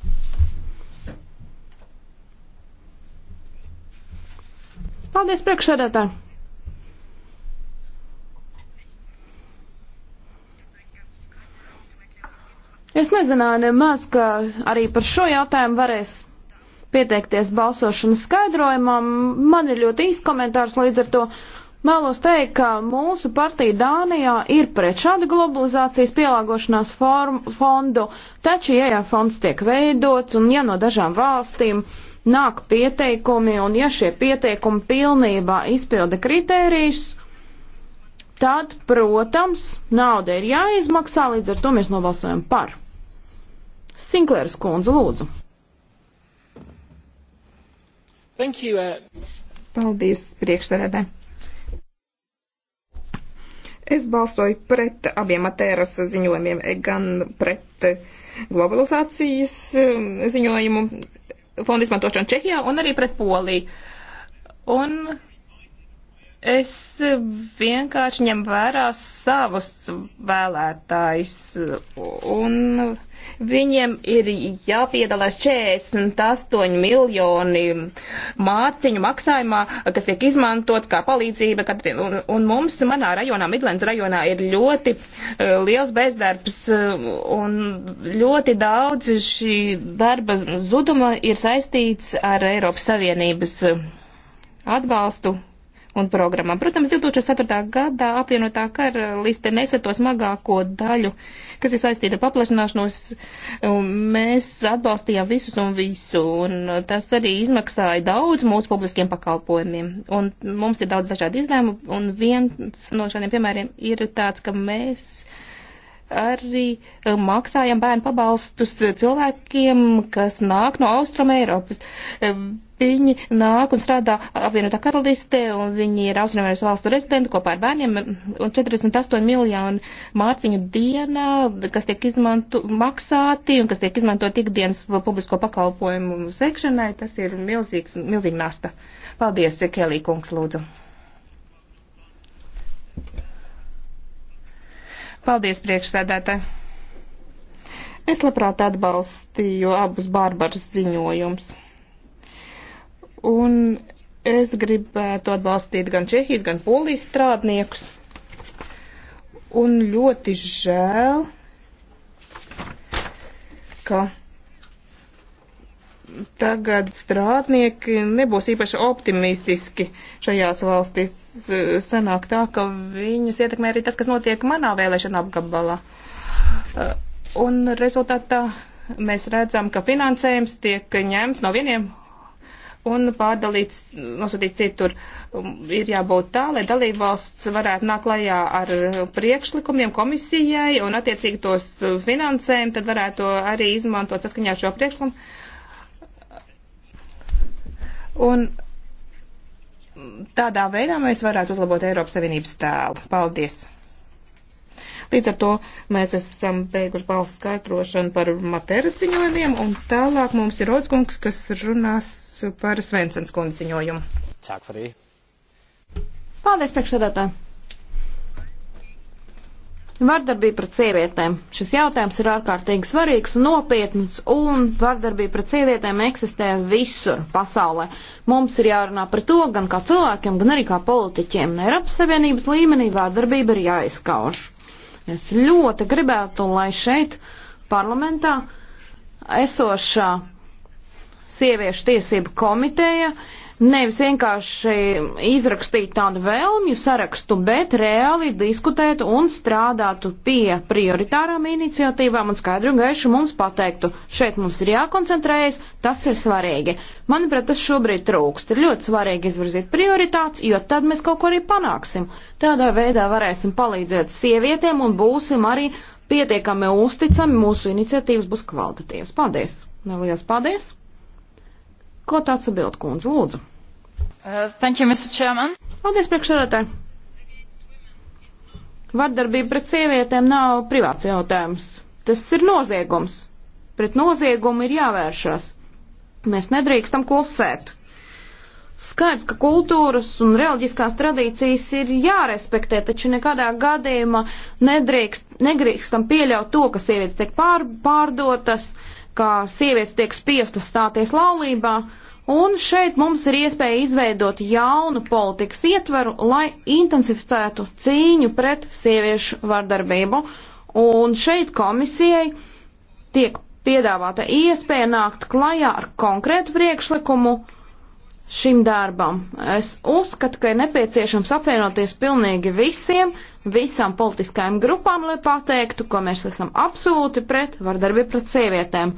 Paldies, priekšsēdētāji! Es nezināju nemaz, ka arī par šo jautājumu varēs pieteikties balsošanas skaidrojumam. Man ir ļoti īsts komentārs līdz ar to. Mēlos teikt, ka mūsu partija Dānijā ir pret šādu globalizācijas pielāgošanās form, fondu, taču, ja jau fonds tiek veidots un ja no dažām valstīm nāk pieteikumi un ja šie pieteikumi pilnībā izpilda kritērijus, tad, protams, nauda ir jāizmaksā, līdz ar to mēs nobalsojam par. Sinklērs kundze, lūdzu. Thank you, uh... Paldies, priekšsēdē. Es balsoju pret abiem atēras ziņojumiem, gan pret globalizācijas um, ziņojumu fondu izmantošanu Čehijā un arī pret Poliju. Un Es vienkārši ņem vērā savus vēlētājus, un viņiem ir jāpiedalās 48 miljoni mārciņu maksājumā, kas tiek izmantots kā palīdzība. Un, un mums manā rajonā, Midlands rajonā, ir ļoti uh, liels bezdarbs, eh, un ļoti daudz šī darba zuduma ir saistīts ar Eiropas Savienības eh, atbalstu un programmām. Protams, 2004. gadā apvienotā karaliste nesa to smagāko daļu, kas ir saistīta ar paplašināšanos. Mēs atbalstījām visus un visu, un tas arī izmaksāja daudz mūsu publiskiem pakalpojumiem. Un mums ir daudz dažādu izdevumu, un viens no šādiem piemēriem ir tāds, ka mēs. Uh, arī eh, maksājam bērnu pabalstus eh, cilvēkiem, kas nāk no Austrum Eiropas. Eh, viņi nāk un strādā apvienotā karalistē, un viņi ir Austrumēras valstu rezidenti kopā ar bērniem, un 48 miljoni mārciņu dienā, kas tiek izmanto, maksāti un kas tiek izmantot ikdienas publisko pakalpojumu sekšanai, tas ir milzīgs, milzīga nasta. Paldies, Kelī kungs, lūdzu. Paldies, priekšsēdētāji! Es labprāt atbalstīju abus barbarus ziņojums. Un es gribētu atbalstīt gan Čehijas, gan Polijas strādniekus. Un ļoti žēl, ka tagad strādnieki nebūs īpaši optimistiski šajās valstīs. Sanāk tā, ka viņus ietekmē arī tas, kas notiek manā vēlēšana apgabalā. Uh, un rezultātā mēs redzam, ka finansējums tiek ņemts no vieniem un pārdalīts, nosūtīts citur. Um, ir jābūt tā, lai dalībvalsts varētu nākt klajā ar priekšlikumiem komisijai un attiecīgi tos finansējumu, tad varētu arī izmantot saskaņā ar šo priekšlikumu Un tādā veidā mēs varētu uzlabot Eiropas Savienības tēlu. Paldies! Līdz ar to mēs esam beiguši balsu skaidrošanu par materas ziņojumiem, un tālāk mums ir Rodskungs, kas runās par Svensens kundzi ziņojumu. Cāk, Paldies, priekšsēdētāji! Vardarbība pret sievietēm. Šis jautājums ir ārkārtīgi svarīgs un nopietns, un vardarbība pret sievietēm eksistē visur pasaulē. Mums ir jārunā par to gan kā cilvēkiem, gan arī kā politiķiem. Eiropas Savienības līmenī vardarbība ir jāizskauž. Es ļoti gribētu, lai šeit parlamentā esošā sieviešu tiesību komiteja uh, nevis vienkārši izrakstīt tādu vēlmju sarakstu, bet reāli diskutēt un strādātu pie prioritārām iniciatīvām un skaidru un gaišu mums pateiktu, šeit mums ir jākoncentrējas, tas ir svarīgi. Manuprāt, tas šobrīd trūkst. Ir ļoti svarīgi izvirzīt prioritātes, jo tad mēs kaut ko arī panāksim. Tādā veidā varēsim palīdzēt sievietēm un būsim arī pietiekami uzticami, mūsu iniciatīvas būs kvalitatīvas. Paldies! Nelielas paldies! Ko tāds atbild, kundze, lūdzu? Uh, thank you, Mr. Chairman. Paldies, priekšsēdētāji. Vardarbība pret sievietēm nav privāts jautājums. Tas ir noziegums. Pret noziegumu ir jāvēršas. Mēs nedrīkstam klusēt. Skaidrs, ka kultūras un reliģiskās tradīcijas ir jārespektē, taču nekādā gadījumā nedrīkst, nedrīkstam pieļaut to, ka sievietes tiek pār, pārdotas, ka sievietes tiek spiestas stāties laulībā, un šeit mums ir iespēja izveidot jaunu politikas ietveru, lai intensificētu cīņu pret sieviešu vardarbību. Un šeit komisijai tiek piedāvāta iespēja nākt klajā ar konkrētu priekšlikumu šim darbam. Es uzskatu, ka ir nepieciešams apvienoties pilnīgi visiem, visām politiskajām grupām, lai pateiktu, ka mēs esam absolūti pret vardarbību pret sievietēm.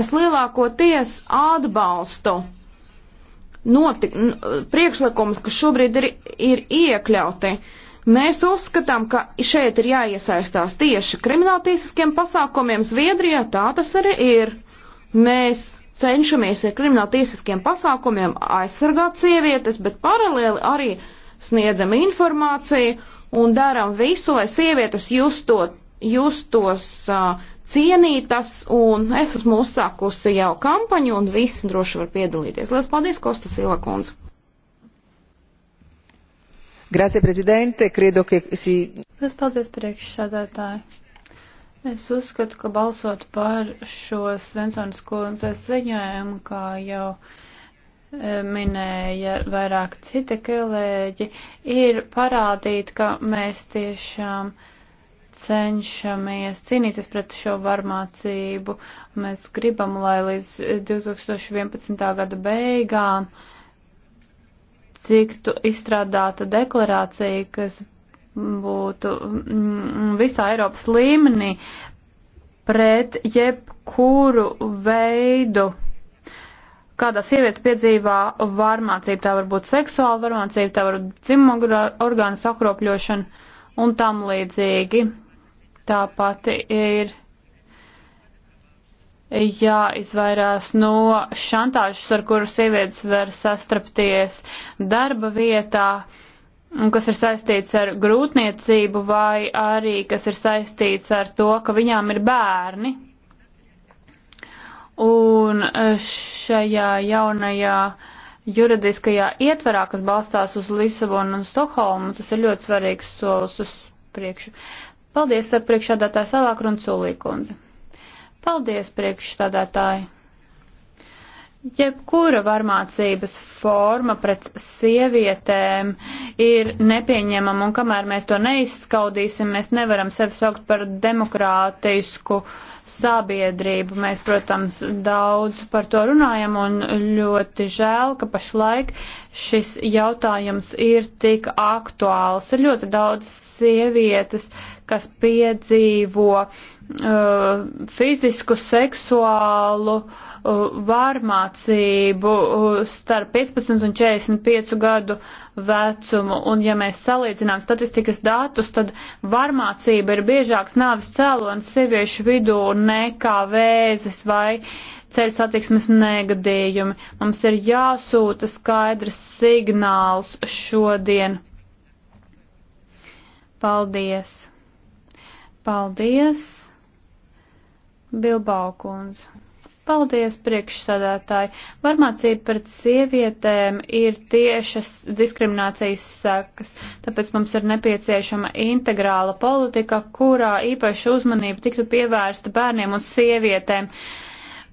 Es lielākoties atbalstu notik, priekšlikumus, kas šobrīd ir, ir iekļauti. Mēs uzskatām, ka šeit ir jāiesaistās tieši krimināltīsiskiem pasākumiem. Zviedrijā tā tas arī ir. Mēs cenšamies ar krimināltīsiskiem pasākumiem aizsargāt sievietes, bet paralēli arī sniedzam informāciju un darām visu, lai sievietes justot, justos uh, cienītas, un es esmu uzsākusi jau kampaņu, un visi droši var piedalīties. Lielas paldies, Kostas Ilakons! Grazie, prezidente, credo, ka si... Lielas paldies, priekšsādātāji! Es uzskatu, ka balsot par šo Svensonas kundzes ziņojumu, kā jau uh, minēja vairāk citi kolēģi, ir parādīt, ka mēs tiešām cenšamies cīnīties pret šo varmācību. Mēs gribam, lai līdz 2011. gada beigām tiktu izstrādāta deklarācija, kas būtu mm, visā Eiropas līmenī pret jebkuru veidu kādā sievietes piedzīvā varmācība, tā var būt seksuāla varmācība, tā var būt dzimuma orgānu sakropļošana un tam līdzīgi. Tāpat ir jāizvairās no šantāžas, ar kuru sievietes var sastrapties darba vietā, un kas ir saistīts ar grūtniecību vai arī kas ir saistīts ar to, ka viņām ir bērni. Un e, šajā jaunajā juridiskajā ietverā, kas balstās uz Lisabonu un Stokholmu, tas ir ļoti svarīgs solis uz priekšu. Paldies, saka priekšādātāja Salāk Runculīkundze. Paldies, priekšstādātāji. Jebkura varmācības forma pret sievietēm ir nepieņemama, un kamēr mēs to neizskaudīsim, mēs nevaram sevi saukt par demokrātisku uh, sabiedrību. Mēs, protams, daudz par to runājam un ļoti žēl, ka pašlaik šis jautājums ir tik aktuāls. Ir ļoti daudz sievietes, kas piedzīvo uh, fizisku, seksuālu uh, vārmācību starp 15 un 45 gadu vecumu. Un ja mēs salīdzinām statistikas datus, tad vārmācība ir biežāks nāvis cēlonis sieviešu vidū nekā vēzis vai ceļu satiksmes negadījumi. Mums ir jāsūta skaidrs signāls šodien. Paldies! Paldies! Bilbao kundze. Paldies, priekšsādātāji. Varmācība pret sievietēm ir tiešas diskriminācijas sakas, tāpēc mums ir nepieciešama integrāla politika, kurā īpaši uzmanība tiktu pievērsta bērniem un sievietēm.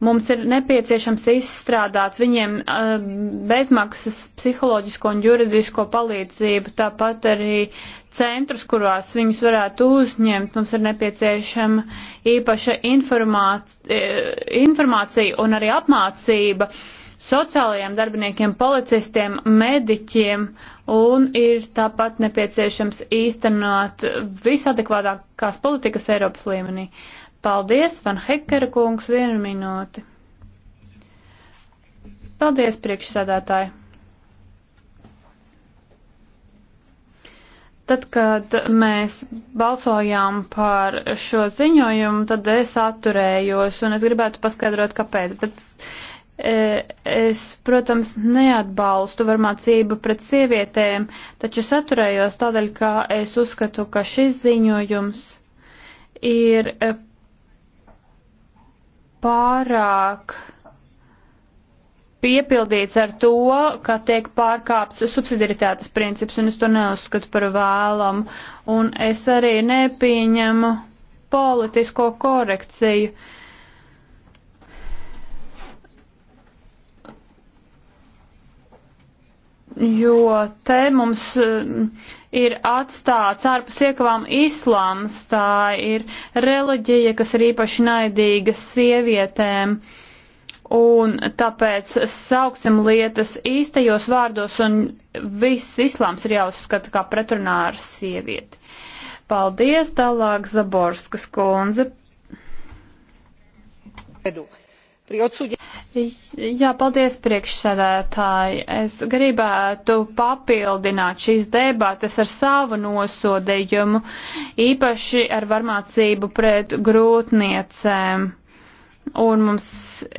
Mums ir nepieciešams izstrādāt viņiem eh, bezmaksas psiholoģisko un juridisko palīdzību, tāpat arī centrus, kurās viņus varētu uzņemt. Mums ir nepieciešama īpaša informācija, e, informācija un arī apmācība sociālajiem darbiniekiem, policistiem, mediķiem un ir tāpat nepieciešams īstenot visadekvātākās politikas Eiropas līmenī. Paldies, Van Hekera kungs, vienu minūti. Paldies, priekšsādātāji! Tad, kad mēs balsojām par šo ziņojumu, tad es atturējos un es gribētu paskaidrot, kāpēc. Bet es, protams, neatbalstu varmācību pret sievietēm, taču es atturējos tādēļ, ka es uzskatu, ka šis ziņojums ir e, pārāk piepildīts ar to, ka tiek pārkāpts subsidiaritātes princips, un es to neuzskatu par vēlam. Un es arī nepieņemu politisko korekciju. Jo te mums eh, ir atstāts ārpus iekavām islāms, tā ir reliģija, kas ir īpaši naidīga sievietēm. Uh, Un tāpēc sauksim lietas īstajos vārdos, un viss islāms ir jāuzskata kā pretrunā ar sievieti. Paldies, tālāk Zaborskas kundze. Jā, paldies priekšsēdētāji. Es gribētu papildināt šīs debates ar savu nosodījumu, īpaši ar varmācību pret grūtniecēm un mums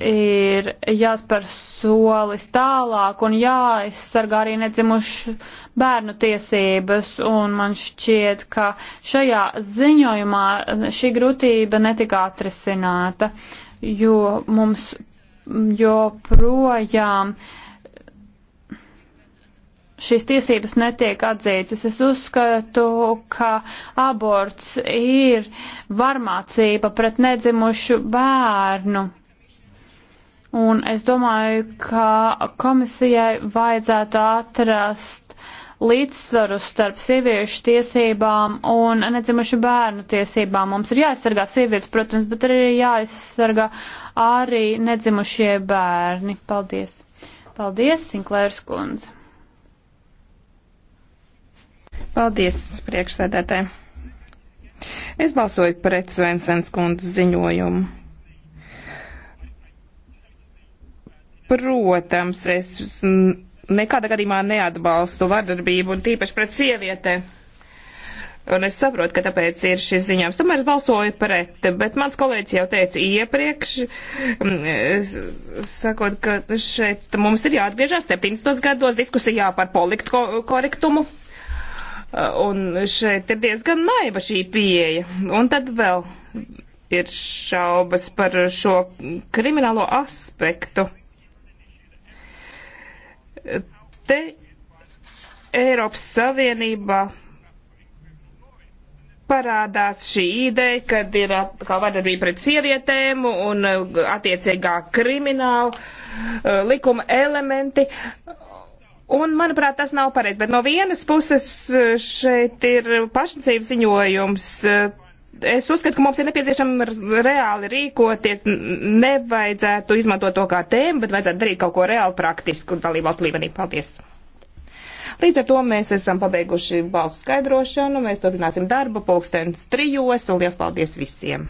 ir jāspēr solis tālāk un jāaizsargā arī nedzimuši bērnu tiesības, un man šķiet, ka šajā ziņojumā šī grūtība netika atrisināta, jo mums joprojām uh, šīs tiesības netiek atzītas. Es uzskatu, ka aborts ir varmācība pret nedzimušu bērnu. Un es domāju, ka komisijai vajadzētu atrast līdzsvaru starp sieviešu tiesībām un nedzimušu bērnu tiesībām. Mums ir jāaizsargā sievietes, protams, bet arī jāaizsargā arī nedzimušie bērni. Paldies! Paldies, Sinklērs kundze! Paldies, priekšsēdētāji. Es balsoju pret Svensens kundzes ziņojumu. Protams, es nekādā gadījumā neatbalstu vardarbību un tīpaši pret sievietēm. Un es saprotu, ka tāpēc ir šis ziņojums. Tomēr es balsoju pret, bet mans kolēģis jau teica iepriekš, mm, sakot, ka šeit mums ir jāatgriežas 17. gados diskusijā par poliktu korektumu. Ko Un šeit ir diezgan naiva šī pieeja. Un tad vēl ir šaubas par šo kriminālo aspektu. Te Eiropas Savienībā parādās šī ideja, kad ir atkal vardarbība pret sievietēm un attiecīgā krimināla uh, likuma elementi. Un, manuprāt, tas nav pareizi. Bet no vienas puses e, šeit ir pašnicības ziņojums. E, es uzskatu, ka mums ir nepieciešama reāli rīkoties. Nevajadzētu izmantot to kā tēmu, bet vajadzētu darīt kaut ko reāli praktisku dalībvalsts līmenī. Paldies! Līdz ar to mēs esam pabeiguši balsu skaidrošanu. Mēs turpināsim darbu pulkstens trijos un liels paldies visiem!